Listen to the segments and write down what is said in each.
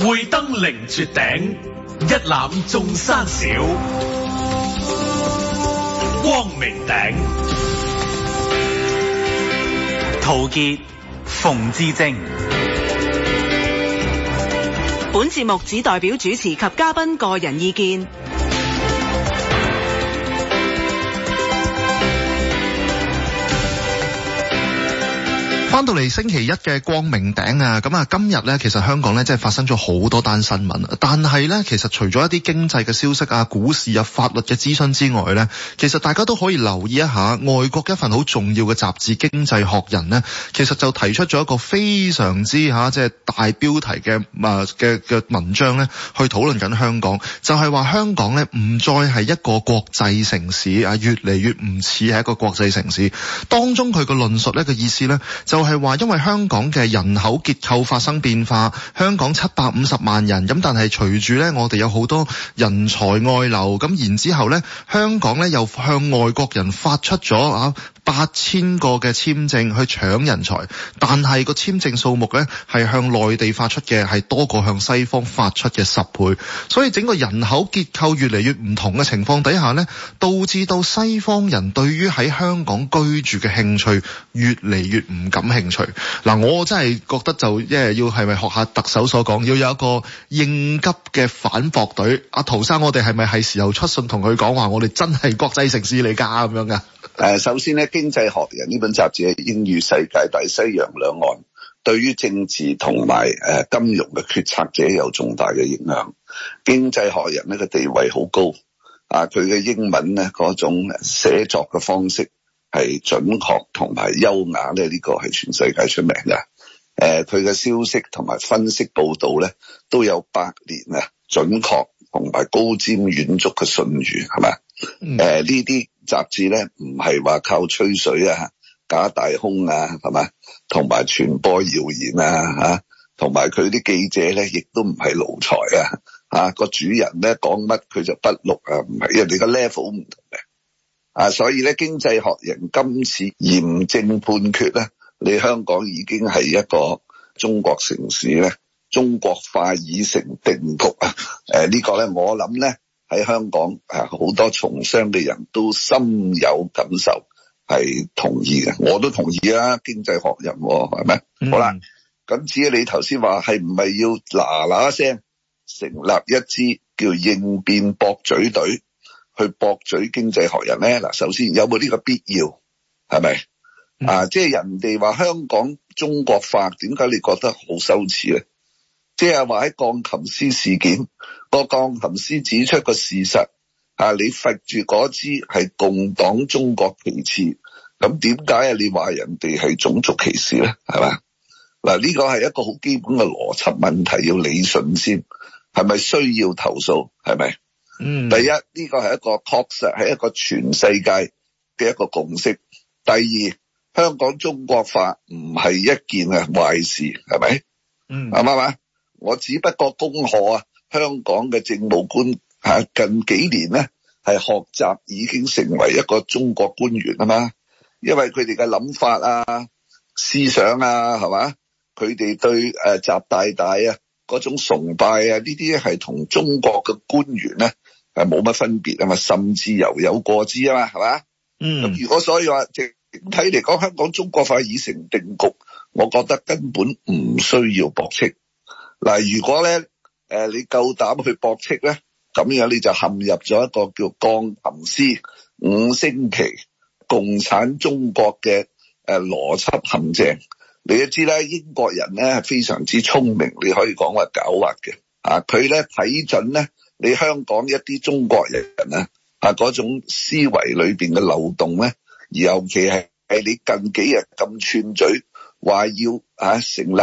會登凌絕頂，一覽眾山小。光明頂，陶傑、馮智政。本節目只代表主持及嘉賓個人意見。翻到嚟星期一嘅光明頂啊，咁啊，今日呢，其實香港呢，真係發生咗好多單新聞，但係呢，其實除咗一啲經濟嘅消息啊、股市啊、法律嘅諮詢之外呢，其實大家都可以留意一下外國一份好重要嘅雜誌《經濟學人》呢，其實就提出咗一個非常之嚇，即係大標題嘅誒嘅嘅文章呢，去討論緊香港，就係話香港呢，唔再係一個國際城市啊，越嚟越唔似係一個國際城市。當中佢嘅論述呢，個意思呢。就是、～係話因為香港嘅人口結構發生變化，香港七百五十萬人，咁但係隨住咧，我哋有好多人才外流，咁然之後咧，香港咧又向外國人發出咗啊。八千個嘅簽證去搶人才，但係個簽證數目呢係向內地發出嘅係多過向西方發出嘅十倍，所以整個人口結構越嚟越唔同嘅情況底下呢，導致到西方人對於喺香港居住嘅興趣越嚟越唔感興趣。嗱、啊，我真係覺得就是是一係要係咪學下特首所講，要有一個應急嘅反駁隊。阿、啊、陶生，我哋係咪係時候出信同佢講話，我哋真係國際城市嚟噶咁樣噶？誒首先咧，經濟學人呢本雜誌係英語世界大西洋兩岸對於政治同埋誒金融嘅決策者有重大嘅影響。經濟學人咧個地位好高啊！佢嘅英文咧嗰種寫作嘅方式係準確同埋優雅咧，呢個係全世界出名嘅。誒佢嘅消息同埋分析報導咧都有百年啊準確同埋高瞻遠矚嘅信譽，係咪啊？誒呢啲。嗯雜誌咧唔係話靠吹水啊、假大空啊，係嘛？同埋傳播謠言啊，吓、啊，同埋佢啲記者咧亦都唔係奴才啊，吓、啊、個主人咧講乜佢就不錄啊，唔係因為你個 level 唔同嘅啊，啊，所以咧，經濟學人今次嚴正判決咧，你香港已經係一個中國城市咧，中國化已成定局啊！誒、啊，這個、呢個咧我諗咧。喺香港啊，好多從商嘅人都深有感受，係同意嘅。我都同意啦，經濟學人喎，係咪？好啦，咁至於你頭先話係唔係要嗱嗱聲成立一支叫應變駁嘴隊去駁嘴經濟學人咧？嗱，首先有冇呢個必要？係咪啊？即係人哋話香港中國化，點解你覺得好羞恥咧？即係話喺鋼琴師事件。個鋼琴師指出個事實，啊，你罰住嗰支係共黨中國旗幟，咁，點解啊？你話人哋係種族歧視咧，係咪？嗱？呢個係一個好基本嘅邏輯問題，要理順先係咪？係咪需要投訴係咪？嗯，第一呢個係一個確實係一個全世界嘅一個共識。第二，香港中國化唔係一件啊壞事，係咪？嗯，啱唔啱啊？我只不過恭賀啊。香港嘅政務官吓，近幾年咧，係學習已經成為一個中國官員啊嘛，因為佢哋嘅諗法啊、思想啊，係嘛？佢哋對誒習大大啊嗰種崇拜啊，呢啲係同中國嘅官員咧，係冇乜分別啊嘛，甚至又有，有過之啊嘛，係嘛？嗯，咁，如果所以話整體嚟講，香港中國化已成定局，我覺得根本唔需要駁斥。嗱。如果咧？誒，你夠膽去駁斥咧？咁樣你就陷入咗一個叫鋼琴師、五星旗共產中國嘅誒邏輯陷阱。你都知咧，英國人咧係非常之聰明，你可以講話狡猾嘅吓。佢咧睇準咧，你香港一啲中國人人啊吓嗰種思維裏邊嘅漏洞咧，尤其係誒你近幾日咁串嘴話要吓成立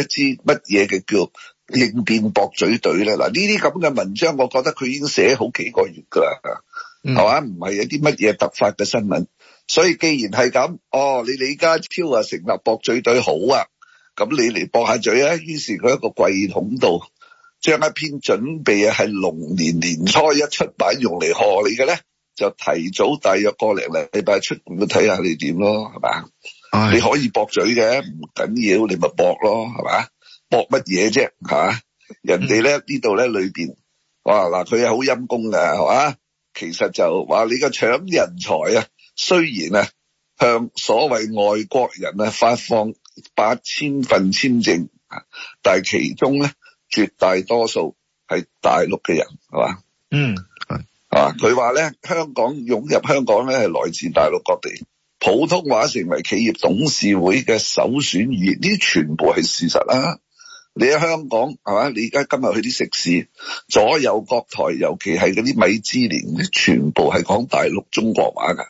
一支乜嘢嘅叫？應變駁嘴隊咧。嗱，呢啲咁嘅文章，我覺得佢已經寫好幾個月噶啦，係、嗯、嘛？唔係有啲乜嘢突發嘅新聞，所以既然係咁，哦，你李家超啊成立駁嘴隊好啊，咁你嚟駁下嘴啊？於是佢一個櫃桶度將一篇準備啊係龍年年初一出版用嚟賀你嘅咧，就提早大約個零零禮拜出，去睇下你點咯，係嘛、哎？你可以駁嘴嘅，唔緊要，你咪駁咯，係嘛？學乜嘢啫？吓，人哋咧呢度咧 裏邊哇嗱，佢好陰功㗎。係嘛？其實就話你個搶人才啊，雖然啊向所謂外國人啊發放八千份簽證，但係其中咧絕大多數係大陸嘅人係嘛？嗯 啊，佢話咧香港湧入香港咧係來自大陸各地，普通話成為企業董事會嘅首選語言，呢全部係事實啦、啊。你喺香港係嘛？你而家今日去啲食肆，左右各台，尤其係嗰啲米芝蓮，全部係講大陸中國話㗎，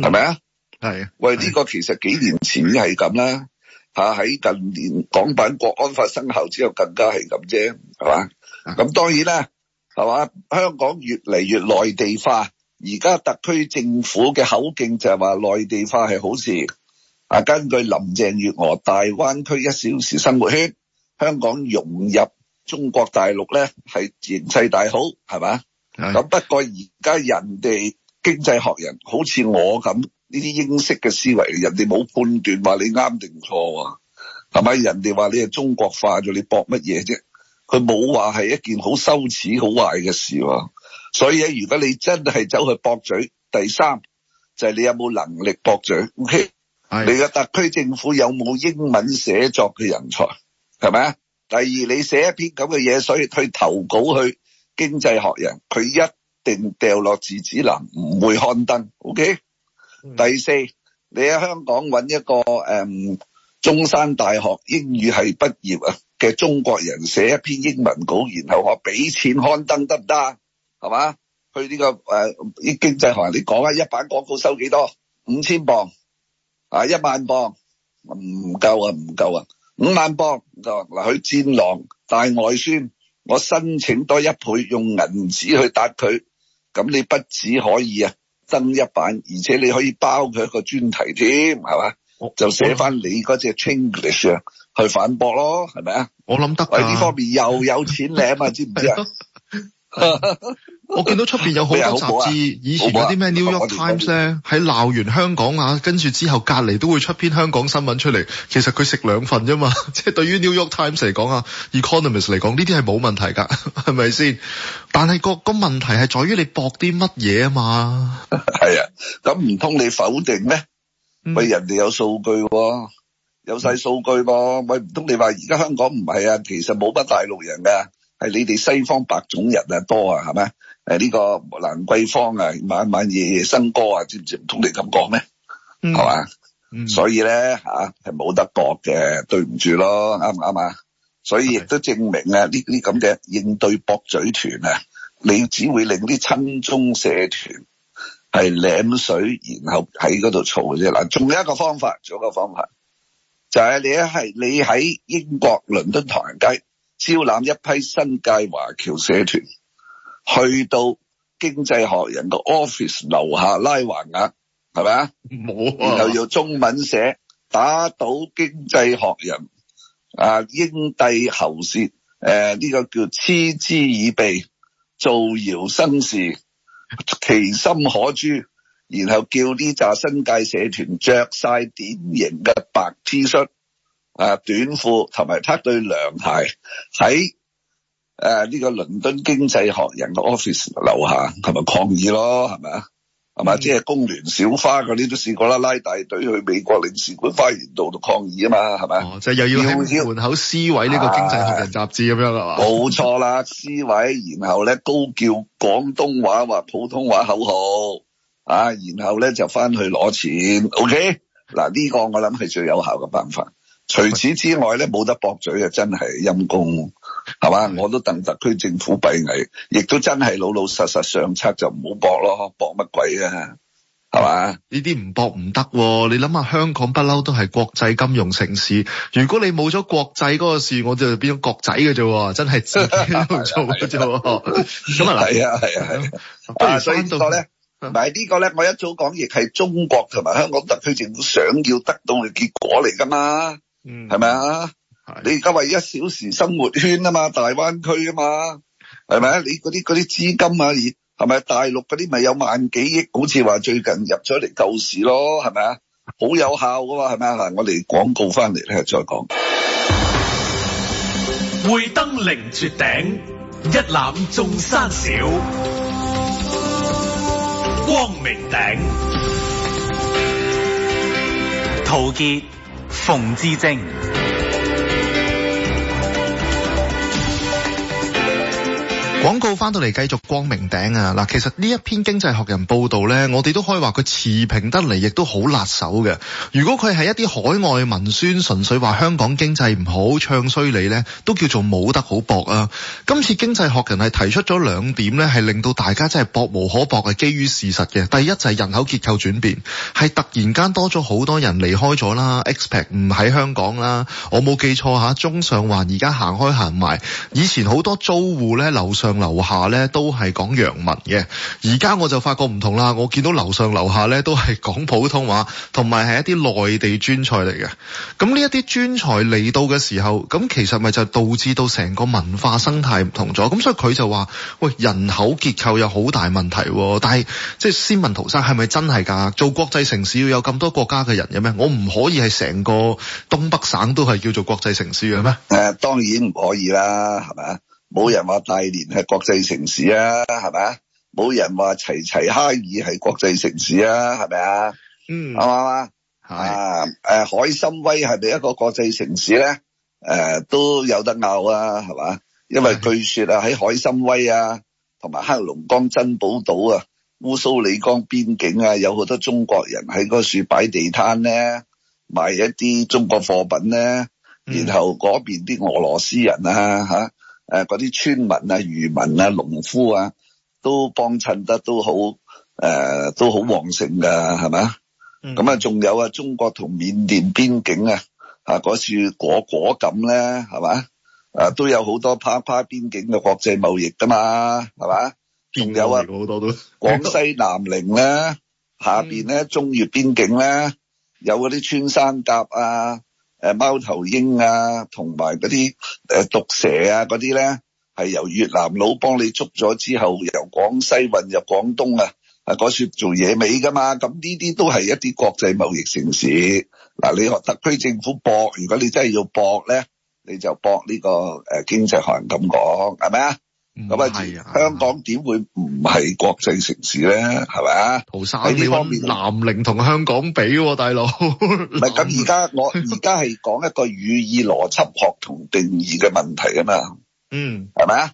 係咪啊？係啊！喂，呢個其實幾年前係咁啦，嚇喺近年港版國安法生效之後，更加係咁啫，係嘛？咁當然啦，係嘛？香港越嚟越內地化，而家特區政府嘅口徑就係話內地化係好事。啊，根據林鄭月娥《大灣區一小時生活圈》。香港融入中國大陸咧，係形勢大好，係咪？咁不過而家人哋經濟學人好似我咁呢啲英式嘅思維，人哋冇判斷話你啱定錯喎，係咪？人哋話你係中國化咗，你駁乜嘢啫？佢冇話係一件好羞恥好壞嘅事喎。所以如果你真係走去駁嘴，第三就係、是、你有冇能力駁嘴？O.K. 的你嘅特區政府有冇英文寫作嘅人才？係咪啊？第二，你寫一篇咁嘅嘢，所以去投稿去《經濟學人》，佢一定掉落字紙欄，唔會刊登。O K。第四，你喺香港搵一個誒中山大學英語系畢業啊嘅中國人，寫一篇英文稿，然後話俾錢刊登得唔得啊？係嘛？去呢個誒《經濟學人》你講啊，一版廣告收幾多？五千磅啊？一萬磅？唔夠啊！唔夠啊！五萬鎊嗱，佢戰狼大外宣，我申請多一倍用銀紙去答佢，咁你不止可以啊登一版，而且你可以包佢一個專題添，係嘛？就寫翻你嗰隻 Chinglish 去反駁咯，係咪啊？我諗得喺呢方面又有錢領啊， 知唔知啊？ 我見到出邊有好多雜誌，以前有啲咩《New York Times》咧，喺鬧完香港啊，跟住之後隔籬都會出篇香港新聞出嚟。其實佢食兩份啫嘛，即、就、係、是、對於《New York Times》嚟講啊，《Economist》嚟講呢啲係冇問題噶，係咪先？但係個個問題係在於你博啲乜嘢啊嘛？係 啊，咁唔通你否定咩？喂、嗯，人哋有數據、哦，有晒數據喎、哦。喂、嗯，唔通你話而家香港唔係啊？其實冇乜大陸人噶、啊。係你哋西方白種人啊多啊，係咪？誒、這、呢個蘭桂坊啊，晚晚夜夜笙歌啊，知唔知這樣說？唔通你咁講咩？係嘛？所以咧吓係冇得駁嘅，對唔住咯，啱唔啱啊？所以亦都證明啊，呢啲咁嘅應對駁嘴團啊，你只會令啲親中社團係舐水，然後喺嗰度嘈嘅啫。嗱，仲有一個方法，仲有一個方法，就係、是、你係你喺英國倫敦唐人街。招攬一批新界華僑社團去到《經濟學人》個 office 樓下拉橫額，係咪啊？冇，然後用中文寫打倒《經濟學人》啊，英帝喉舌，誒、呃、呢、這個叫嗤之以鼻，造謠生事，其心可誅。然後叫呢紮新界社團着晒典型嘅白 T 恤。啊！短褲同埋他對涼鞋喺呢個倫敦經濟學人嘅 office 樓下，同、就、埋、是、抗議囉？係咪係咪即係工聯小花嗰啲都試過啦，拉大隊去美國領事館花園道度抗議啊嘛，係咪、哦？就又要喺門口撕毀呢個《經濟學人》雜誌咁樣啦，冇、哦、錯啦。撕毀，然後呢高叫廣東話或普通話口號啊，然後呢就返去攞錢。OK 嗱、啊，呢、呢個我諗係最有效嘅辦法。除此之外咧，冇得駁嘴就真係陰公，係嘛？我都等特區政府閉翳，亦都真係老老實實上策就唔好駁咯，駁乜鬼啊？係嘛？呢啲唔駁唔得。你諗下，香港不嬲都係國際金融城市，如果你冇咗國際嗰個事，我就變咗國仔嘅啫。真係自己都做嘅啫 是的。咁 啊是的，係 啊，係啊，不 如所以個呢 個咧，唔係呢個咧？我一早講，亦係中國同埋香港特區政府想要得到嘅結果嚟㗎嘛。嗯，係咪啊？你而家話一小時生活圈啊嘛，大灣區啊嘛，係咪？你嗰啲嗰啲資金啊，而係咪大陸嗰啲咪有萬幾億？好似話最近入咗嚟救市咯，係咪啊？好有效噶嘛，係咪啊？我哋廣告翻嚟咧再講。會登凌絕頂，一覽眾山小。光明頂。陶傑。馮智政。廣告翻到嚟繼續光明頂啊！嗱，其實呢一篇經濟學人報道呢，我哋都可以話佢持平得嚟，亦都好辣手嘅。如果佢係一啲海外文宣，純粹話香港經濟唔好唱衰你呢，都叫做冇得好搏啊！今次經濟學人係提出咗兩點呢，係令到大家真係博無可博嘅，基於事實嘅。第一就係人口結構轉變，係突然間多咗好多人離開咗啦，expect 唔喺香港啦。我冇記錯下，中上環而家行開行埋，以前好多租戶呢，樓上。樓下咧都係講洋文嘅，而家我就發覺唔同啦。我見到樓上樓下咧都係講普通話，同埋係一啲內地專才嚟嘅。咁呢一啲專才嚟到嘅時候，咁其實咪就導致到成個文化生態唔同咗。咁所以佢就話：喂，人口結構有好大問題。但係即係先問陶生，係咪真係噶？做國際城市要有咁多國家嘅人嘅咩？我唔可以係成個東北省都係叫做國際城市嘅咩？誒、呃，當然唔可以啦，係咪啊？冇人話大連係國際城市啊，係咪啊？冇人話齊齊哈爾係國際城市啊，係咪啊？嗯，係嘛嘛，海參崴係咪一個國際城市呢？啊、都有得拗呀、啊，係咪？因為據說喺海參崴呀、啊，同埋黑龍江珍寶島呀，烏蘇里江邊境呀、啊，有好多中國人喺嗰處擺地攤呢，賣一啲中國貨品呢，嗯、然後嗰邊啲俄羅斯人呀、啊。啊。誒、啊，嗰啲村民啊、漁民啊、農夫啊，都幫襯得都好，誒、呃，都好旺盛㗎，係、嗯、嘛？咁啊，仲有啊，中國同緬甸邊境啊，啊，嗰處果果咁咧，係嘛？啊，都有好多跨跨邊境嘅國際貿易㗎嘛，係嘛？仲有啊還有多都，廣西南寧咧，下邊咧，中越邊境咧、嗯，有嗰啲穿山甲啊。誒，貓頭鷹啊，同埋嗰啲誒毒蛇啊，嗰啲咧係由越南佬幫你捉咗之後，由廣西運入廣東啊，啊嗰處做野味噶嘛，咁呢啲都係一啲國際貿易城市。嗱，你學特區政府駁，如果你真係要駁咧，你就駁呢個誒經濟學人咁講，係咪啊？咁啊，香港點會唔係國際城市咧？係咪啊？陶生喺呢方面，南寧同香港比，大佬唔係咁。而家我而家係講一個語意邏輯學同定義嘅問題啊嘛。嗯，係咪啊？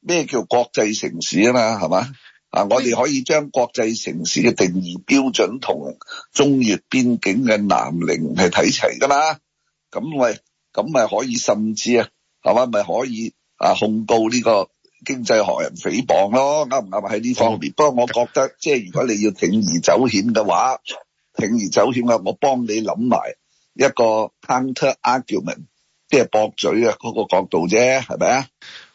咩叫國際城市啊嘛？係嘛？啊，我哋可以將國際城市嘅定義標準同中越邊境嘅南寧係睇齊噶嘛。咁喂，咁咪可以甚至啊，係嘛咪可以啊控告呢個？經濟學人誹謗咯，啱唔啱喺呢方面，嗯？不過我覺得，嗯、即係如果你要鋌而走險嘅話，鋌而走險啊！我幫你諗埋一個 counterargument，即係駁嘴嘅嗰個角度啫，係咪啊？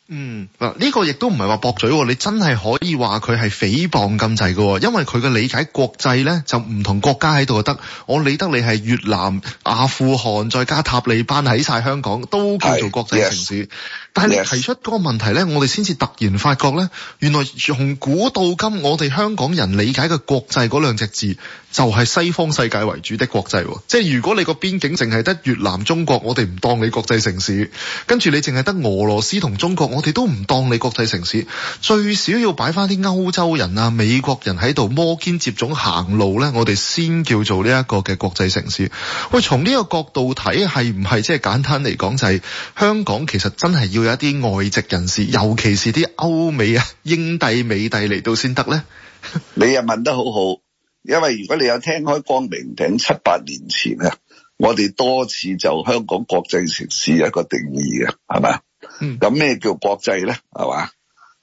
嗯，嗱，呢個亦都唔係話駁嘴喎，你真係可以話佢係誹謗咁滯嘅，因為佢嘅理解國際咧就唔同國家喺度得，我理得你係越南、阿富汗再加塔利班喺晒香港，都叫做國際城市。但係你提出嗰個問題咧，我哋先至突然發覺咧，原來從古到今，我哋香港人理解嘅國際嗰兩隻字，就係、是、西方世界為主的國際。即係如果你個邊境淨係得越南、中國，我哋唔當你國際城市；跟住你淨係得俄羅斯同中國，我哋都唔當你國際城市。最少要擺翻啲歐洲人啊、美國人喺度摩肩接踵行路咧，我哋先叫做呢一個嘅國際城市。喂，從呢個角度睇，係唔係即係簡單嚟講、就是，就係香港其實真係要？有一啲外籍人士，尤其是啲歐美啊、英帝美帝嚟到先得咧。 你又問得好好，因為如果你有聽開《光明頂》七八年前啊，我哋多次就香港國際城市有一個定義嘅，係嘛？咁、嗯、咩叫國際咧？係嘛？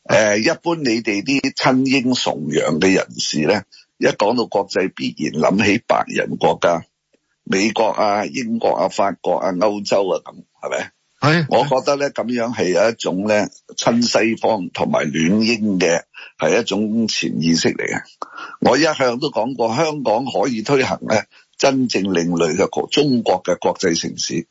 誒，一般你哋啲親英崇洋嘅人士咧，一講到國際，必然諗起白人國家，美國啊、英國啊、法國啊、歐洲啊咁，係咪？係，我覺得咧咁樣係有一種咧親西方同埋戀英嘅，係一種潛意識嚟嘅。我一向都講過，香港可以推行咧真正另類嘅國中國嘅國際城市。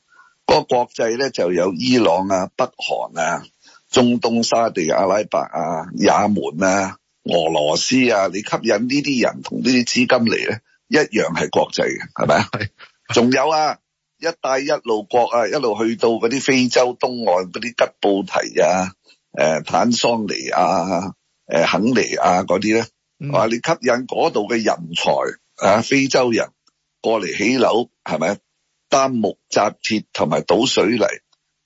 個國際咧就有伊朗啊、北韓啊、中東沙地阿拉伯啊、也門啊、俄羅斯啊，你吸引呢啲人同呢啲資金嚟咧，一樣係國際嘅，係咪啊？係，仲有啊！一帶一路國啊，一路去到嗰啲非洲東岸嗰啲吉布提啊、誒、呃、坦桑尼亞、誒、呃、肯尼亞嗰啲咧，話、嗯、你吸引嗰度嘅人才啊，非洲人過嚟起樓，係咪？擔木紮鐵同埋倒水泥，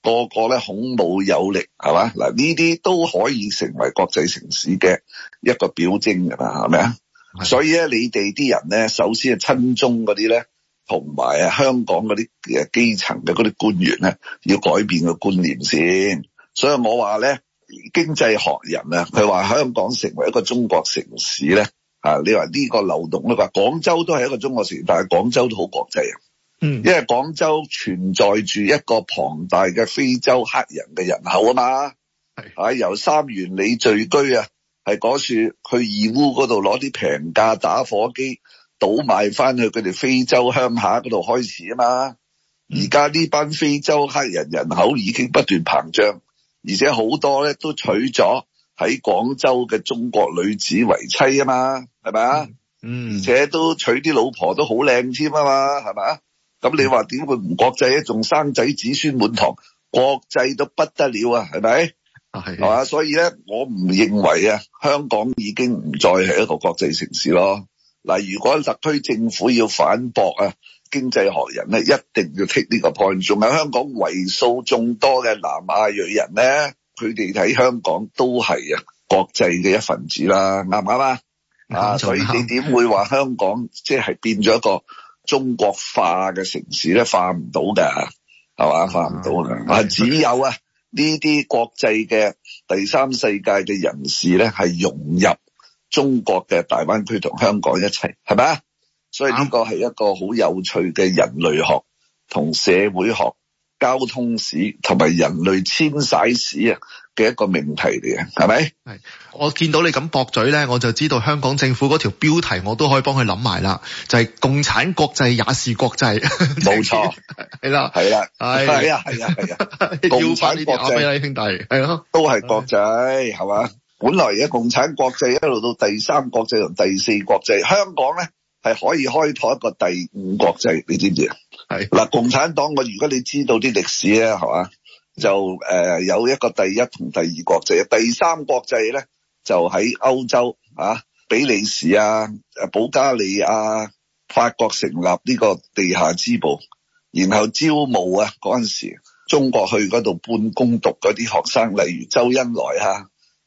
個個咧孔武有力，係嘛？嗱，呢啲都可以成為國際城市嘅一個表徵㗎啦，係咪啊？所以咧，你哋啲人咧，首先係，親中嗰啲咧。同埋啊，香港嗰啲基層嘅嗰啲官員咧，要改變個觀念先。所以我話咧，經濟學人啊，佢話香港成為一個中國城市咧啊，你話呢個漏洞咧，話廣州都係一個中國城市，但係廣州都好國際啊。嗯，因為廣州存在住一個龐大嘅非洲黑人嘅人口啊嘛，係啊，由三元里聚居啊，係嗰處去義烏嗰度攞啲平價打火機。倒賣翻去佢哋非洲鄉下嗰度開始啊嘛！而家呢班非洲黑人人口已經不斷膨脹，而且好多咧都娶咗喺廣州嘅中國女子為妻啊嘛，係咪啊？嗯，而且都娶啲老婆都好靚添啊嘛，係咪啊？咁你話點會唔國際？仲生仔子，子孫滿堂，國際都不得了啊！係咪啊？係嘛？所以咧，我唔認為啊，香港已經唔再係一個國際城市咯。嗱，如果特區政府要反駁啊，《經濟學人》咧，一定要剔呢個 point。仲有香港為數眾多嘅南亞裔人咧，佢哋喺香港都係啊國際嘅一份子啦，啱唔啱啊？啊，所以你點會話香港即係變咗一個中國化嘅城市咧？化唔到㗎，係嘛？化唔到㗎。啊，只有啊呢啲國際嘅第三世界嘅人士咧，係融入。中國嘅大灣區同香港一齊，係咪啊？所以呢個係一個好有趣嘅人類學同社會學、交通史同埋人類遷徙史啊嘅一個命題嚟嘅，係咪？係，我見到你咁駁嘴咧，我就知道香港政府嗰條標題，我都可以幫佢諗埋啦，就係、是、共產國際也是國際，冇錯，係啦，係啦，係啊，係啊，啊，啊，啊，共產國際兄弟，係咯，都係國際，係嘛、啊？本來嘅共產國際一路到第三國際同第四國際，香港呢係可以開拓一個第五國際。你知唔知啊？係嗱，共產黨個如果你知道啲歷史呢，係嘛就誒、呃、有一個第一同第二國際，第三國際呢，就喺歐洲啊，比利時啊、誒保加利亞、法國成立呢個地下支部，然後招募啊嗰陣時中國去嗰度半工讀嗰啲學生，例如周恩來啊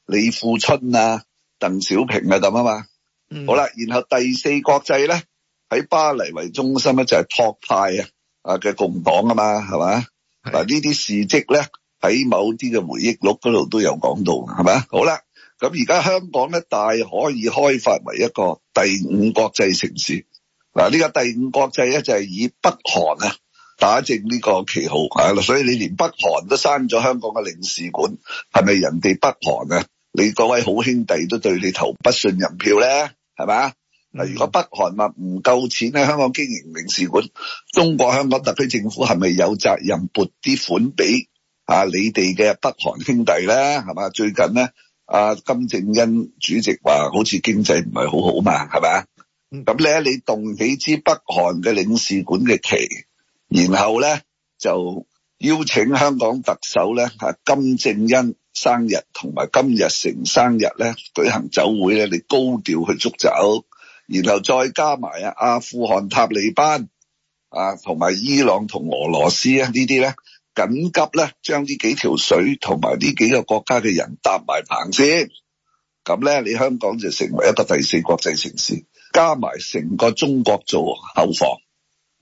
李富春啊、鄧小平啊咁啊嘛、嗯，好啦，然後第四國際咧喺巴黎為中心咧就係托派啊啊嘅共黨啊嘛，係咪？嗱呢啲事蹟咧喺某啲嘅回憶錄嗰度都有講到，係咪？好啦，咁而家香港咧大可以開發為一個第五國際城市嗱，呢、呢個第五國際咧就係以北韓啊打正呢個旗號係啦，所以你連北韓都刪咗香港嘅領事館，係咪人哋北韓啊？你嗰位好兄弟都對你投不信任票呢？係嘛？嗱，如果北韓唔唔夠錢喺香港經營領事館，中國香港特區政府係咪有責任撥啲款俾啊你哋嘅北韓兄弟呢？係嘛？最近呢，金正恩主席話好似經濟唔係好好嘛，係嘛？咁呢，你動起支北韓嘅領事館嘅旗，然後呢，就邀請香港特首呢，金正恩。生日同埋今日成生日咧，舉行酒會咧，你高調去捉走，然後再加埋啊阿富汗、塔利班啊，同埋伊朗同俄羅斯咧呢啲咧，緊急咧將呢幾條水同埋呢幾個國家嘅人搭埋棚先，咁咧你香港就成為一個第四國際城市，加埋成個中國做後防，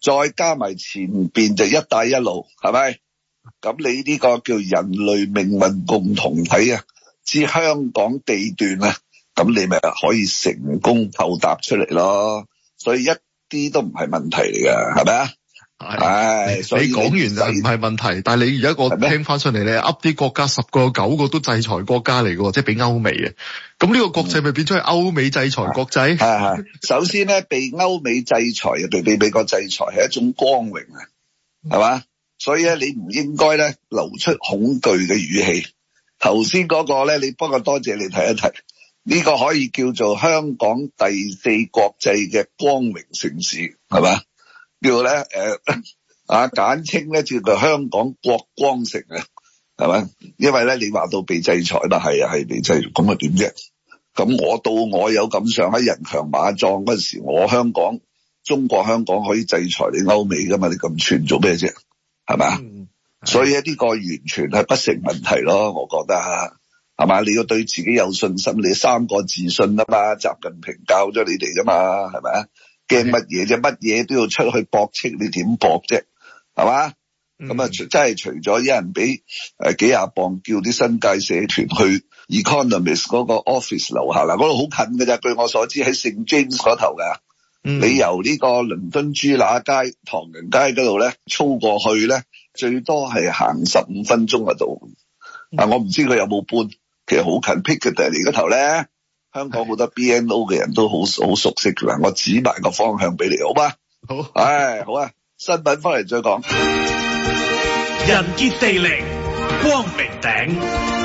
再加埋前邊就一帶一路，係咪？咁你呢個叫人類命運共同體啊，至香港地段啊，咁你咪可以成功透達出嚟咯，所以一啲都唔係問題嚟噶，係咪啊？係，你講完就唔係問題，但係你而家我聽翻出嚟，你噏啲國家十個九個都制裁國家嚟噶，即係俾歐美啊，咁呢個國際咪變咗係歐美制裁國際？係係。首先咧，被歐美制裁啊，被被美國制裁係一種光榮啊，係嘛？所以咧，你唔應該咧流出恐懼嘅語氣。頭先嗰個咧，你不過多謝你睇一睇，呢、這個可以叫做香港第四國際嘅光榮城市，係嘛？叫咧呢、呃，啊，簡稱咧叫做香港國光城啊，係嘛？因為咧，你話到被制裁，但係係被制裁，咁啊點啫？咁我到我有敢上喺人強馬壯嗰陣時候，我香港中國香港可以制裁你歐美噶嘛？你咁串做咩啫？係嘛、嗯？所以呢個完全係不成問題咯，我覺得吓，係嘛？你要對自己有信心，你三個自信啊嘛，習近平教咗你哋噶嘛，係咪啊？驚乜嘢啫？乜嘢都要出去駁斥，你點駁斥啫？係嘛？咁、嗯、啊，真係除咗有人俾誒幾廿磅，叫啲新界社團去 Economist 嗰個 office 樓下嗱，嗰度好近噶咋？據我所知喺聖 John 嗰頭噶。嗯、你由呢個倫敦豬乸街、唐人街嗰度咧，操過去咧，最多係行十五分鐘嘅度、嗯。啊，我唔知佢有冇搬，其實好近，pick 嘅定你個頭咧。香港好多 B N O 嘅人都好好熟悉㗎喇，我指埋個方向俾你，好嗎？好，唉、哎，好啊，新聞翻嚟再講。人傑地靈，光明頂。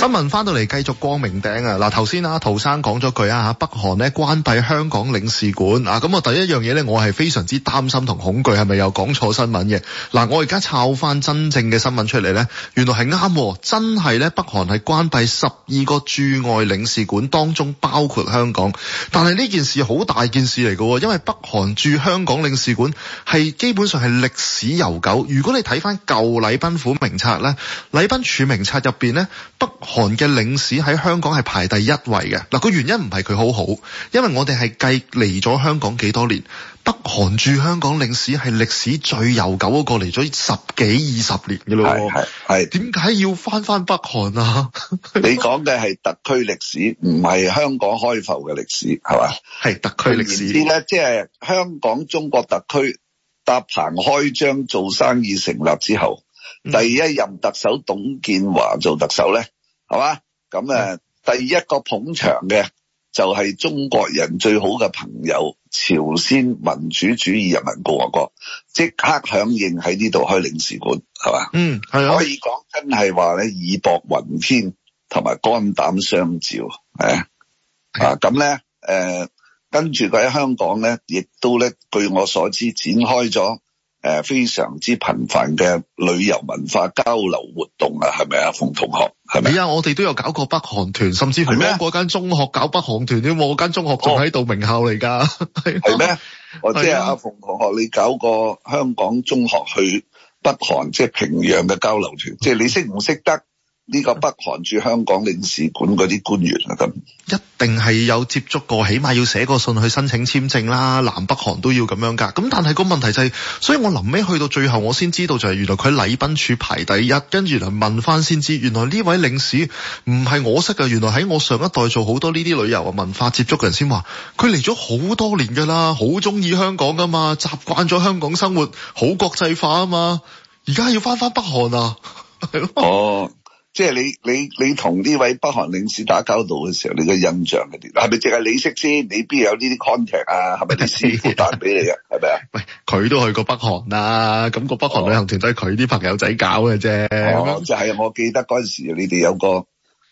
新聞翻到嚟繼續光明頂啊！嗱，頭先阿陶生講咗句啊，北韓呢關閉香港領事館啊！咁我第一樣嘢呢，我係非常之擔心同恐懼，係咪有講錯新聞嘅？嗱、啊，我而家抄翻真正嘅新聞出嚟呢，原來係啱，真係呢，北韓係關閉十二個駐外領事館，當中包括香港。但係呢件事好大件事嚟喎，因為北韓駐香港領事館係基本上係歷史悠久。如果你睇翻舊禮賓府名冊呢，禮賓署名冊入面呢，北韓嘅領事喺香港係排第一位嘅，嗱，個原因唔係佢好好，因為我哋係計嚟咗香港幾多年。北韓駐香港領事係歷史最悠久嗰個，嚟咗十幾二十年嘅咯，係係點解要翻翻北韓啊？你講嘅係特區歷史，唔係香港開埠嘅歷史，係嘛？係特區歷史。言之咧，即係香港中國特區搭棚開張做生意成立之後，嗯，第一任特首董建華做特首咧。係嘛？咁誒，第一個捧場嘅就係中國人最好嘅朋友朝鮮民主主義人民共和國，即刻響應喺呢度開領事館，係嘛？嗯，係可以講真係話咧，義薄雲天同埋肝膽相照，誒啊！咁咧誒，跟住佢喺香港咧，亦都咧據我所知展開咗。誒，非常之頻繁嘅旅遊文化交流活動，是是啊，係咪啊，馮同學？係咪？啊、哎，我哋都有搞過北韓團，甚至乎咩？嗰間中學搞北韓團添？我間中學仲喺度名校嚟噶係咩？我即係阿馮同學，你搞過香港中學去北韓，即、就、係、是、平壤嘅交流團，嗯、即係你識唔識得？呢、這個北韓駐香港領事館嗰啲官員啊，咁一定係有接觸過，起碼要寫個信去申請簽證啦。南北韓都要咁樣㗎。咁但係個問題就係、是，所以我臨尾去到最後，我先知道就係原來佢喺禮賓處排第一，跟住嚟問翻先知，原來呢位領事唔係我識㗎。原來喺我上一代做好多呢啲旅遊啊、文化接觸嘅人先話，佢嚟咗好多年㗎啦，好中意香港㗎嘛，習慣咗香港生活，好國際化啊嘛。而家要翻翻北韓啊，哦。即係你你你同呢位北韓領事打交道嘅時候，你嘅印象係點？係咪淨係你識先？你邊有呢啲 contact 啊？係咪啲師傅帶俾你啊？係咪啊？喂，佢都去過北韓啦，咁、個北韓旅行團都係佢啲朋友仔搞嘅啫。咁、哦哦、就係、是，我記得嗰陣時你哋有個誒，唔、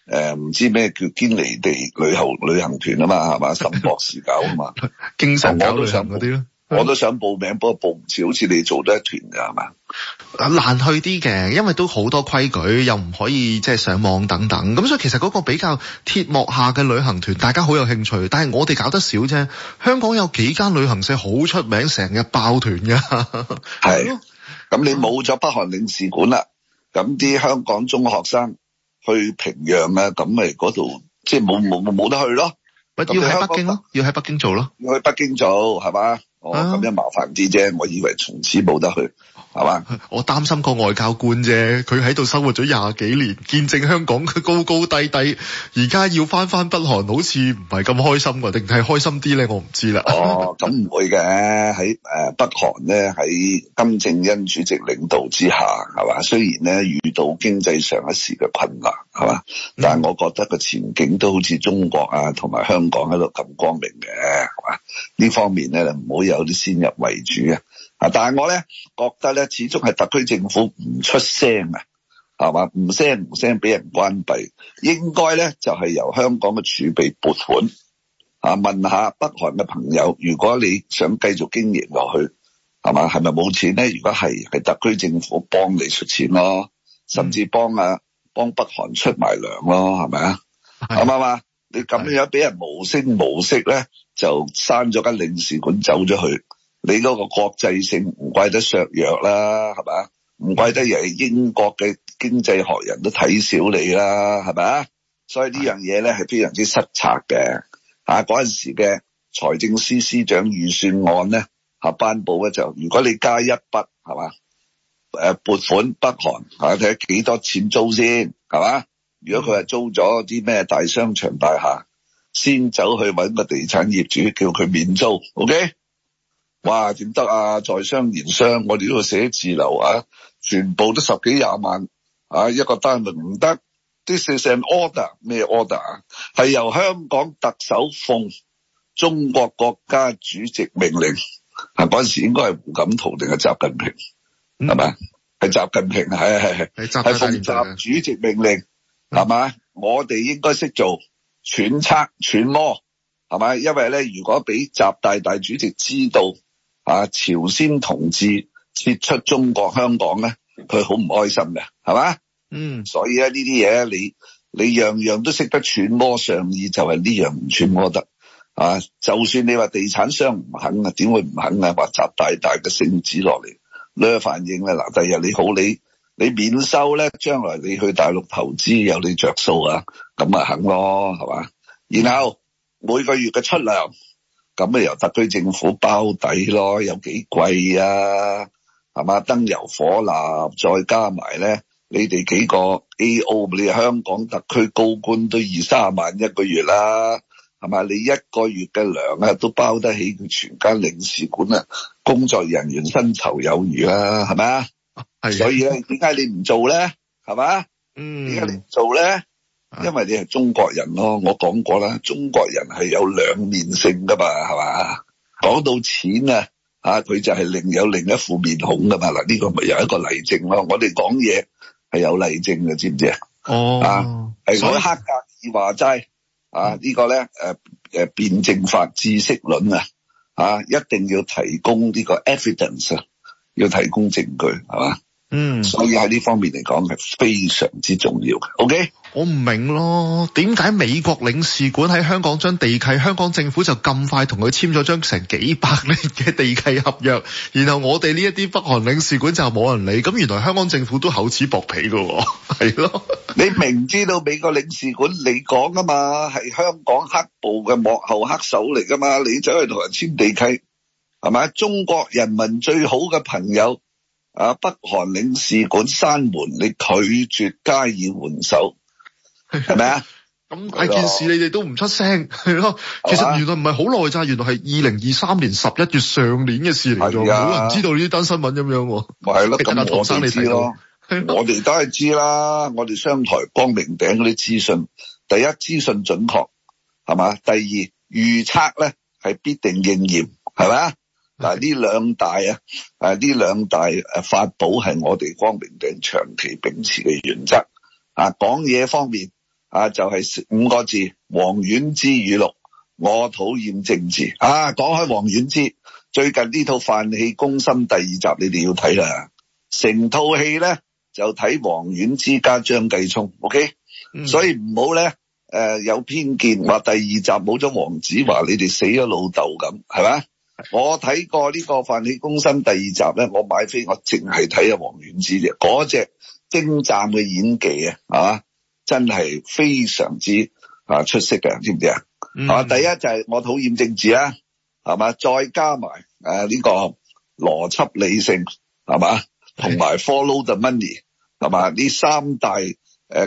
呃、知咩叫堅尼地旅行旅行團啊嘛，係嘛沈博士搞啊嘛， 經常搞到上嗰啲咯。我都想報名，報不過報唔似好似你做得一團嘅係嘛？難去啲嘅，因為都好多規矩，又唔可以即係上網等等。咁所以其實嗰個比較鐵幕下嘅旅行團，大家好有興趣，但係我哋搞得少啫。香港有幾間旅行社好出名，成日爆團㗎。係。咁、嗯、你冇咗北韓領事館啦，咁、嗯、啲香港中學生去平壤啊，咁咪嗰度即係冇冇冇得去咯？要喺北京咯，要喺北京做咯，要喺北京做係嘛？哦，咁樣麻煩啲啫，我以為從此冇得去。係嘛？我擔心個外交官啫，佢喺度生活咗廿幾年，見證香港佢高高低低，而家要翻翻北韓，好似唔係咁開心嘅，定係開心啲咧？我唔知啦。哦，咁唔會嘅，喺誒北韓咧，喺金正恩主席領導之下，係嘛？雖然咧遇到經濟上一時嘅困難，係嘛？但係我覺得個前景都好似中國啊，同埋香港喺度咁光明嘅，係嘛？呢方面咧，就唔好有啲先入為主啊。啊！但係我咧覺得咧，始終係特區政府唔出聲啊，係嘛？唔聲唔聲俾人關閉，應該咧就係由香港嘅儲備撥款啊，問下北韓嘅朋友，如果你想繼續經營落去，係嘛？係咪冇錢咧？如果係，係特區政府幫你出錢咯，甚至幫啊幫北韓出埋糧咯，係咪啊？啱唔啱啊？你咁樣俾人無聲無息咧，就閂咗間領事館走咗去。你嗰個國際性唔怪得削弱啦，係咪？唔怪得人英國嘅經濟學人都睇少你啦，係咪？所以呢樣嘢咧係非常之失策嘅。嗰陣時嘅財政司司長預算案咧嚇，頒布咧就，如果你加一筆係嘛？誒撥款北韓，睇幾多錢租先，係嘛？如果佢係租咗啲咩大商場大廈，先走去搵個地產業主叫佢免租，OK？哇！點得啊？在商言商，我哋呢個寫字樓啊，全部都十幾廿萬啊，一個單唔得啲。this is an order 咩 order 啊？係由香港特首奉中國國家主席命令，嗰陣時應該係胡錦濤定係習近平係咪？係、嗯、習近平係係係係，係奉習主席命令係嘛、嗯？我哋應該識做揣測揣摩係咪？因為咧，如果俾習大大主席知道。啊！朝鮮同志撤出中國香港咧，佢好唔開心嘅，係嘛？嗯，所以咧呢啲嘢，你你樣樣都識得揣摩上意，就係呢樣唔揣摩得啊！就算你話地產商唔肯，肯大大下下啊，點會唔肯啊？話習大大嘅聖旨落嚟，呢個反應呢。嗱，第日你好，你你免收咧，將來你去大陸投資有你着數啊！咁啊肯咯，係嘛？然後每個月嘅出糧。咁咪由特區政府包底咯，有幾貴啊？係嘛，燈油火蠟，再加埋咧，你哋幾個 AO，你香港特區高官都二卅萬一個月啦，係嘛？你一個月嘅糧啊，都包得起佢全間領事館啊，工作人員薪酬有餘啦、啊，係咪啊？係。所以咧，點解你唔做咧？係嘛？嗯。點解你唔做咧？因為你係中國人咯，我講過啦，中國人係有兩面性噶嘛，係嘛？講到錢啊，吓、啊、佢就係另有另一副面孔噶嘛。嗱，呢個咪有一個例證咯。我哋講嘢係有例證嘅，知唔知啊？哦，啊，所以黑格爾話齋、嗯、啊，這個、呢個咧誒誒，辯證法知識論啊，啊，一定要提供呢個 evidence，要提供證據，係嘛？嗯，所以喺呢方面嚟講係非常之重要嘅。OK。我唔明咯，點解美國領事館喺香港張地契，香港政府就咁快同佢簽咗張成幾百年嘅地契合約，然後我哋呢一啲北韓領事館就冇人理，咁原來香港政府都厚此薄彼噶，係咯？你明知道美國領事館你講㗎嘛，係香港黑暴嘅幕後黑手嚟噶嘛，你走去同人簽地契係咪？中國人民最好嘅朋友啊，北韓領事館閂門，你拒絕加以援手。係咪？啊？咁大件事你哋都唔出聲係咯？其實原來唔係好耐咋，原來係二零二三年十一月上年嘅事嚟咗，冇、啊、人知道呢單新聞咁樣。係咯，咁我哋知咯。我哋梗係知啦。我哋商台光明頂嗰啲資訊，第一資訊準確係嘛？第二預測咧，係必定應驗係嘛？嗱呢兩大啊，誒呢兩大誒、啊、法寶係我哋光明頂長期秉持嘅原則啊，講嘢方面。啊，就係、是、五個字，王菀之語錄，我討厭政治。啊，講開王菀之，最近呢套《飯戲攻心》第二集，你哋要睇啦。成套戲呢，就睇王菀之加張繼聰，OK、嗯。所以唔好呢，誒、呃、有偏見，話第二集冇咗黃子華，說你哋死咗老豆咁，係咪？我睇過呢、這個《飯戲攻心》第二集呢，我買飛，我淨係睇阿王菀之嘅嗰隻精湛嘅演技啊，啊！真係非常之啊出色嘅，知唔知啊？啊，第一就係我討厭政治啦，係嘛？再加埋誒呢個邏輯理性，係嘛？同埋 follow the money，係嘛？呢三大誒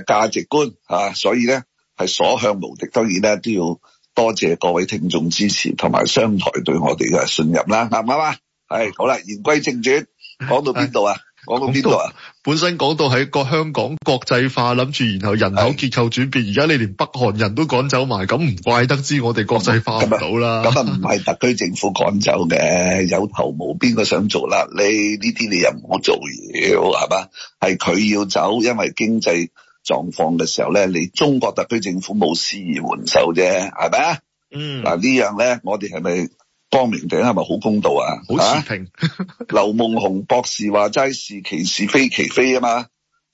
價值觀啊，所以咧係所向無敵。當然咧都要多謝各位聽眾支持，同埋商台對我哋嘅信任啦。啱唔啱啊？係好啦，言歸正傳，講到邊度啊？講到邊度啊？本身講到喺個香港國際化諗住，然後人口結構轉變，而家你連北韓人都趕走埋，咁唔怪得知我哋國際化唔到啦。咁啊，唔 係特區政府趕走嘅，有頭冇邊個想做啦？你呢啲你又唔好做嘢，係嘛？係佢要走，因為經濟狀況嘅時候咧，你中國特區政府冇施以援手啫，係咪啊？嗯，嗱呢樣咧，我哋係咪？光明頂係咪好公道啊？好持平。劉夢熊博士話齋是其是，非其非啊嘛。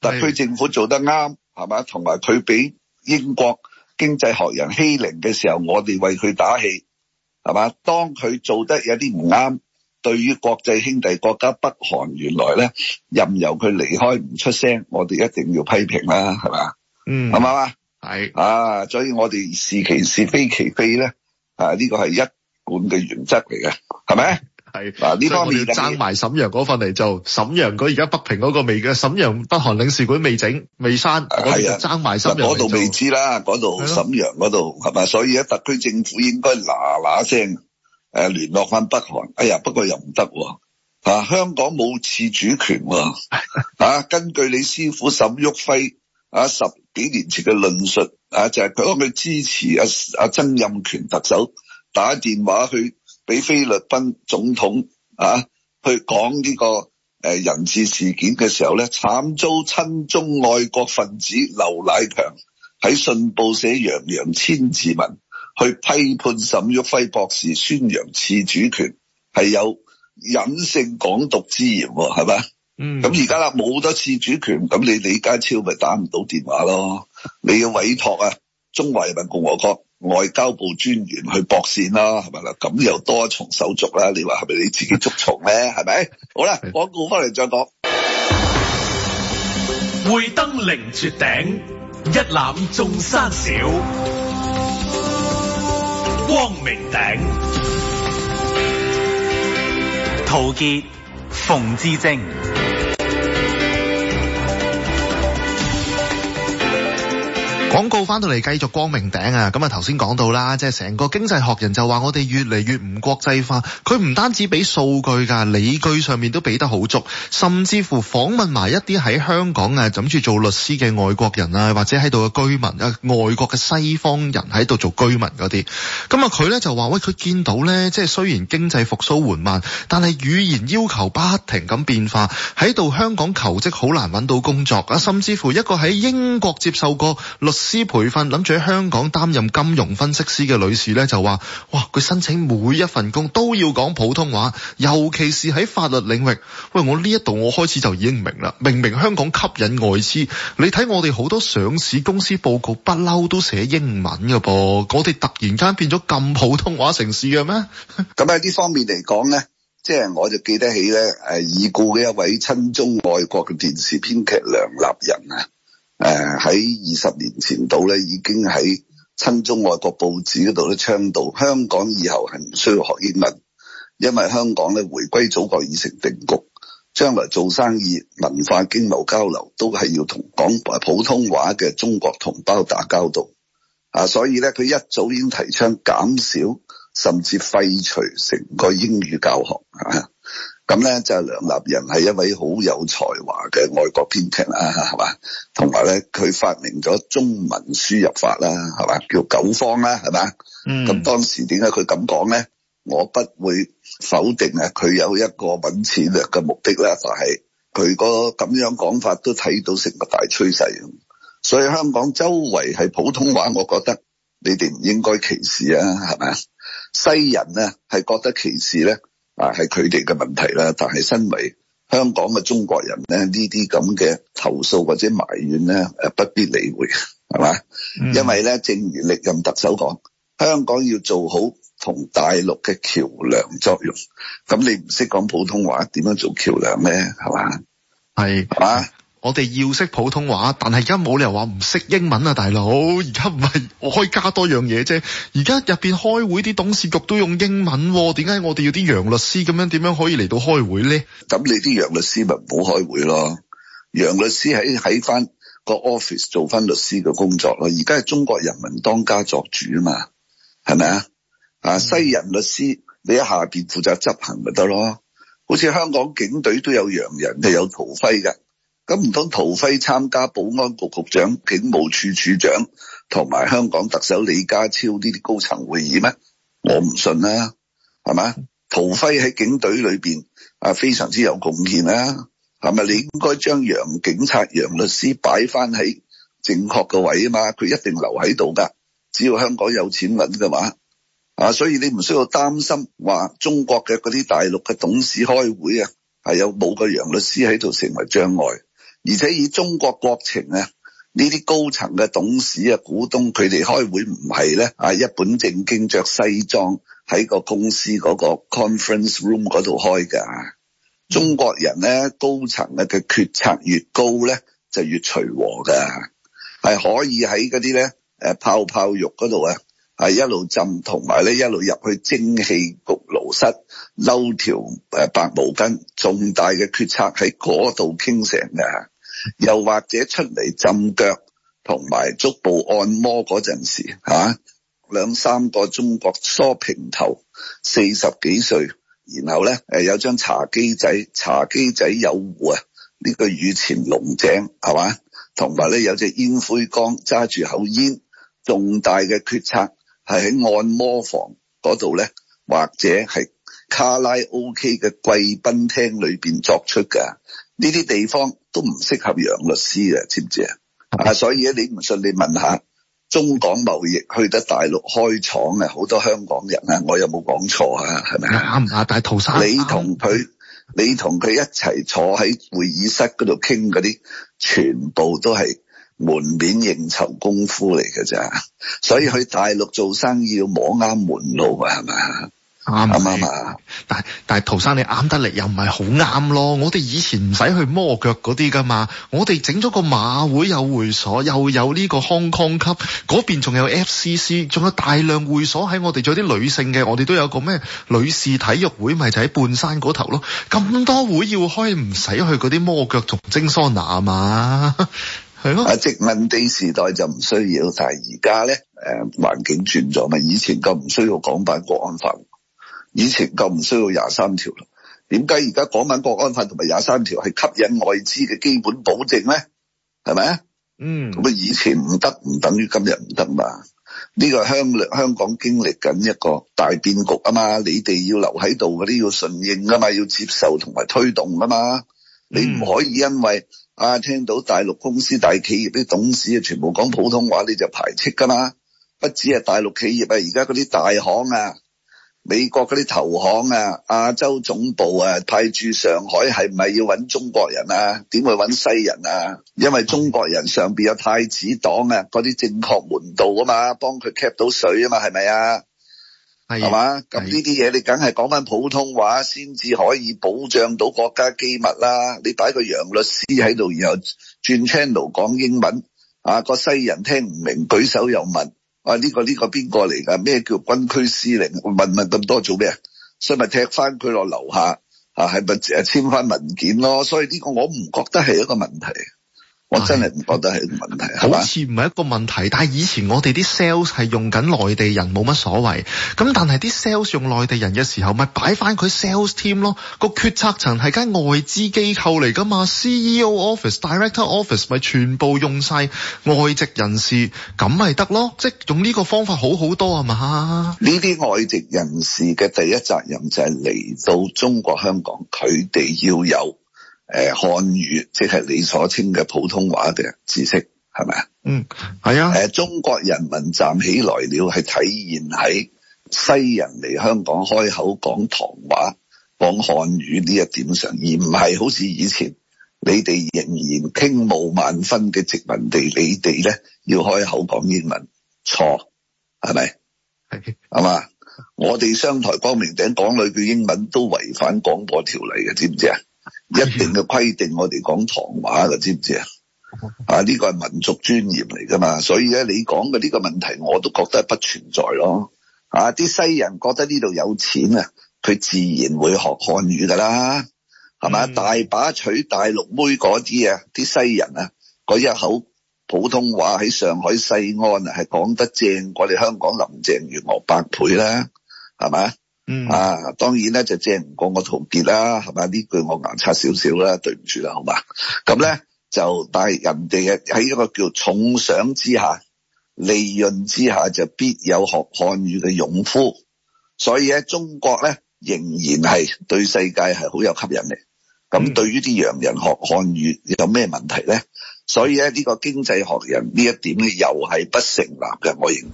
特區政府做得啱，係嘛？同埋佢俾英國經濟學人欺凌嘅時候，我哋為佢打氣，係嘛？當佢做得有啲唔啱，對於國際兄弟國家北韓，原來咧任由佢離開唔出聲，我哋一定要批評啦，係嘛？嗯，係嘛嘛？係啊，所以我哋是其是非其非咧，嗯啊，啊呢個係一。管嘅原則嚟嘅，係咪？係嗱，呢、啊、方面爭埋沈陽嗰份嚟做。沈陽嗰而家北平嗰、嗰個未嘅，沈陽北韓領事館未整未刪嗰啊，爭埋沈陽嗰度未知啦。嗰度沈陽嗰度係咪？所以咧、啊，特區政府應該嗱嗱聲誒聯絡翻北韓。哎呀，不過又唔得喎。香港冇次主權喎、啊。 啊，根據你師傅沈旭輝啊十幾年前嘅論述啊，就係佢講佢支持阿、啊、阿、啊、曾蔭權特首。打電話去俾菲律賓總統啊，去講呢個人質事，事件嘅時候咧，慘遭親中愛國分子劉乃強喺信報寫洋洋千字文，去批判沈旭暉博，博士宣揚次主權，係有隱性港獨之嫌喎，係咪？嗯，咁而家啦，冇得次主權，咁你李家超咪打唔到電話咯？你要委託啊？中華人民共和國外交部專員去駁線啦，係咪啦？咁又多一重手續咧？你話係咪你自己捉蟲咧？係咪？好啦，廣告翻嚟再講。會登凌絕頂，一覽眾山小。光明頂。陶傑、馮智政。廣告翻到嚟繼續光明頂啊！咁啊頭先講到啦，即係成個經濟學人就話我哋越嚟越唔國際化。佢唔單止俾數據㗎，理據上面都俾得好足，甚至乎訪問埋一啲喺香港啊諗住做律師嘅外國人啊，或者喺度嘅居民啊，外國嘅西方人喺度做居民嗰啲。咁啊佢呢就話喂，佢見到呢，即係雖然經濟復甦緩慢，但係語言要求不停咁變化，喺度香港求職好難揾到工作啊，甚至乎一個喺英國接受過律師師培訓諗住喺香港擔任金融分析師嘅女士呢，就話：哇！佢申請每一份工都要講普通話，尤其是喺法律領域。喂，我呢一度我開始就已經明啦，明明香港吸引外資，你睇我哋好多上市公司報告，不嬲都寫英文噶噃，我哋突然間變咗咁普通話城市嘅咩？咁喺呢方面嚟講呢，即係我就記得起呢，誒，已故嘅一位親中外國嘅電視編劇梁立人啊。誒喺二十年前度咧，已經喺親中外國報紙嗰度咧倡導香港以後係唔需要學英文，因為香港咧回歸祖國已成定局，將來做生意、文化經貿交流都係要同講普通話嘅中國同胞打交道啊，所以咧佢一早已經提倡減少甚至廢除成個英語教學啊。咁咧就係梁立人係一位好有才華嘅外國編劇啊，係嘛？同埋咧，佢發明咗中文輸入法啦、啊，係嘛？叫九方啦、啊，係嘛？咁、嗯、當時點解佢咁講咧？我不會否定啊，佢有一個揾錢嘅目的咧、啊，就係、是、佢個咁樣講法都睇到成個大趨勢、啊。所以香港周圍係普通話，我覺得你哋唔應該歧視啊，係咪啊？西人咧、啊、係覺得歧視咧。啊，係佢哋嘅問題啦。但係身為香港嘅中國人咧，呢啲咁嘅投訴或者埋怨咧，誒不必理會，係嘛、嗯？因為咧，正如歷任特首講，香港要做好同大陸嘅橋梁作用。咁你唔識講普通話，點樣做橋梁咩？係嘛？係，係嘛？我哋要識普通話，但係而家冇理由話唔識英文啊，大佬！而家唔係我可以加多樣嘢啫。而家入邊開會啲董事局都用英文啊，點解我哋要啲洋律師咁樣？點樣可以嚟到開會咧？咁你啲洋律師咪唔好開會咯？洋律師喺喺翻個 office 做翻律師嘅工作咯。而家係中國人民當家作主啊嘛，係咪啊？啊西人律師你喺下邊負責執行咪得咯？好似香港警隊都有洋人，都有曹輝嘅。咁唔通陶輝參加保安局局長、警務處處長同埋香港特首李家超呢啲高層會議咩？我唔信啦，啊，係嘛？陶輝喺警隊裏邊啊，非常之有貢獻啦，係咪？你應該將楊警察、楊律師擺翻喺正確嘅位啊嘛？佢一定留喺度噶，只要香港有錢揾嘅話啊，所以你唔需要擔心話中國嘅嗰啲大陸嘅董事開會啊，係有冇個楊律師喺度成為障礙？而且以中國國情咧，呢啲高層嘅董事啊、股東，佢哋開會唔係咧啊，一本正經著西裝喺個公司嗰個 conference room 嗰度開㗎。中國人咧，高層咧嘅決策越高咧，就越隨和㗎，係可以喺嗰啲咧誒泡泡浴嗰度啊，係一路浸，同埋咧一路入去蒸氣焗爐室，摟條誒白毛巾，重大嘅決策喺嗰度傾成㗎。又或者出嚟浸腳同埋足部按摩嗰陣時、啊、兩三個中國梳平頭，四十幾歲，然後呢有張茶幾仔，茶幾仔有壺啊，呢、呢個雨前龍井係嘛，同埋呢有隻煙灰缸揸住口煙，重大嘅決策係喺按摩房嗰度呢，或者係卡拉 OK 嘅貴賓廳裏面作出㗎呢啲地方。都唔適合養律師嘅，知唔知啊？啊，所以咧，你唔信你問下中港貿易去得大陸開廠啊，好多香港人啊，我有冇講錯啊？係咪啱唔啱？但係套你同佢，你同佢一齊坐喺會議室嗰度傾嗰啲，全部都係門面應酬功夫嚟嘅咋，所以去大陸做生意要摸啱門路啊，係咪？啱啱啊！但但係陶生，你啱得嚟又唔係好啱咯。我哋以前唔使去摸腳嗰啲噶嘛。我哋整咗個馬會有會所，又有呢個康康級嗰邊，仲有 F C C，仲有大量會所喺我哋。仲有啲女性嘅，我哋都有個咩女士體育會咪就喺、是、半山嗰頭咯。咁多會要開，唔使去嗰啲摸腳同蒸桑拿啊嘛，係咯。殖民地時代就唔需要，但係而家咧誒環境轉咗嘛，以前就唔需要港版國安法。以前夠唔需要廿三條啦，點解而家講緊國安法同埋廿三條係吸引外資嘅基本保證咧？係咪啊？嗯，咁啊，以前唔得唔等於今日唔得嘛？呢個香香港經歷緊一個大變局啊嘛，你哋要留喺度嗰啲要順應啊嘛，要接受同埋推動啊嘛，你唔可以因為、嗯、啊聽到大陸公司大企業啲董事啊全部講普通話你就排斥噶嘛。不止係大陸企業啊，而家嗰啲大行啊。美國嗰啲投行啊，亞洲總部啊，派駐上海係咪要揾中國人啊？點會揾西人啊？因為中國人上面有太子黨啊，嗰啲正確門道啊嘛，幫佢 cap 到水啊嘛，係咪啊？係嘛？咁呢啲嘢你梗係講翻普通話先至可以保障到國家機密啦。你擺個洋律師喺度，然後轉 channel 講英文，啊個西人聽唔明，舉手又問。啊！呢個呢個邊個嚟㗎？咩叫軍區司令？問問咁多做咩？所以咪踢翻佢落樓下啊，係咪誒簽翻文件咯？所以呢個我唔覺得係一個問題。我真係唔覺得係問題，好似唔係一個問題。但係以前我哋啲 sales 係用緊內地人，冇乜所謂。咁但係啲 sales 用內地人嘅時候，咪擺翻佢 sales team 咯。個決策層係間外資機構嚟噶嘛？CEO office、director office 咪全部用晒外籍人士，咁咪得咯。即係用呢個方法好好多係嘛？呢啲外籍人士嘅第一責任就係嚟到中國香港，佢哋要有。漢語，即係你所稱嘅普通話嘅知識，係咪啊？嗯，係啊。中國人民站起來了，係體現喺西人嚟香港開口講唐話、講漢語呢一點上，而唔係好似以前你哋仍然傾慕萬分嘅殖民地，你哋咧要開口講英文，錯係咪？係係嘛？我哋商台光明頂講兩句英文都違反廣播條例嘅，知唔知啊？一定嘅規定，我哋講唐話嘅，知唔知啊？啊，呢個係民族尊嚴嚟噶嘛，所以咧、啊，你講嘅呢個問題，我都覺得不存在咯。啊，啲西人覺得呢度有錢啊，佢自然會學漢語噶啦，係嘛、嗯？大把娶大陸妹嗰啲啊，啲西人啊，嗰一口普通話喺上海、西安啊，係講得正，我哋香港林鄭月娥百倍啦，係嘛？嗯、啊，當然咧就借唔過我陶傑啦，係嘛？呢句我牙擦少少啦，對唔住啦，好嘛？咁咧就但係人哋嘅喺一個叫重賞之下，利潤之下就必有學漢語嘅勇夫，所以咧中國咧仍然係對世界係好有吸引力。咁對於啲洋人學漢語有咩問題咧？所以咧呢個經濟學人呢一點咧又係不成立嘅，我認為。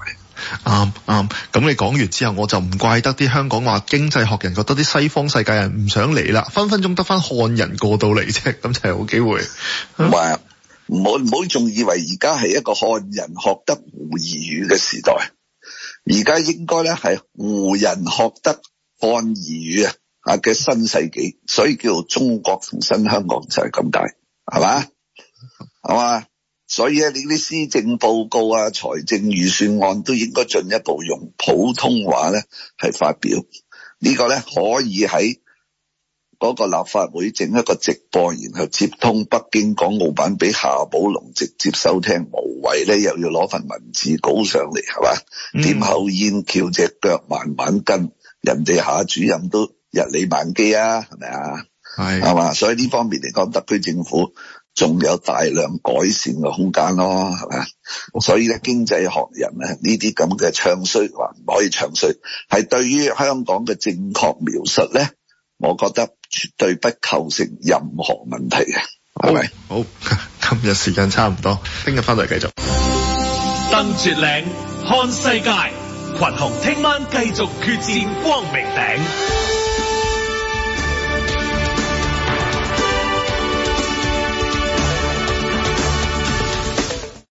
啱啱咁你講完之後我就唔怪得啲香港話經濟學人覺得啲西方世界人唔想嚟啦，分分鐘得翻漢人過到嚟啫，咁就係好機會。唔係唔好唔好，仲以為而家係一個漢人學得胡兒語嘅時代，而家應該咧係胡人學得漢兒語啊嘅新世紀，所以叫做中國同新香港就係咁大，係嘛？係 嘛？所以咧，你啲施政報告啊、財政預算案都應該進一步用普通話咧係發表。這個、呢個咧可以喺嗰個立法會整一個直播，然後接通北京港澳版俾夏寶龍直接收聽。無謂咧又要攞份文字稿上嚟，係嘛？嗯、點口煙翹隻腳慢慢跟，人哋夏主任都日理萬機啊，係咪啊？係係嘛，所以呢方面嚟講，特區政府。仲有大量改善嘅空間咯，係咪？Okay. 所以咧，經濟學人咧呢啲咁嘅唱衰，話唔可以唱衰，係對於香港嘅正確描述咧，我覺得絕對不構成任何問題嘅，係咪？Okay. 好，今日時間差唔多，聽日翻嚟繼續。登絕嶺看世界，群雄聽晚繼續決戰光明頂。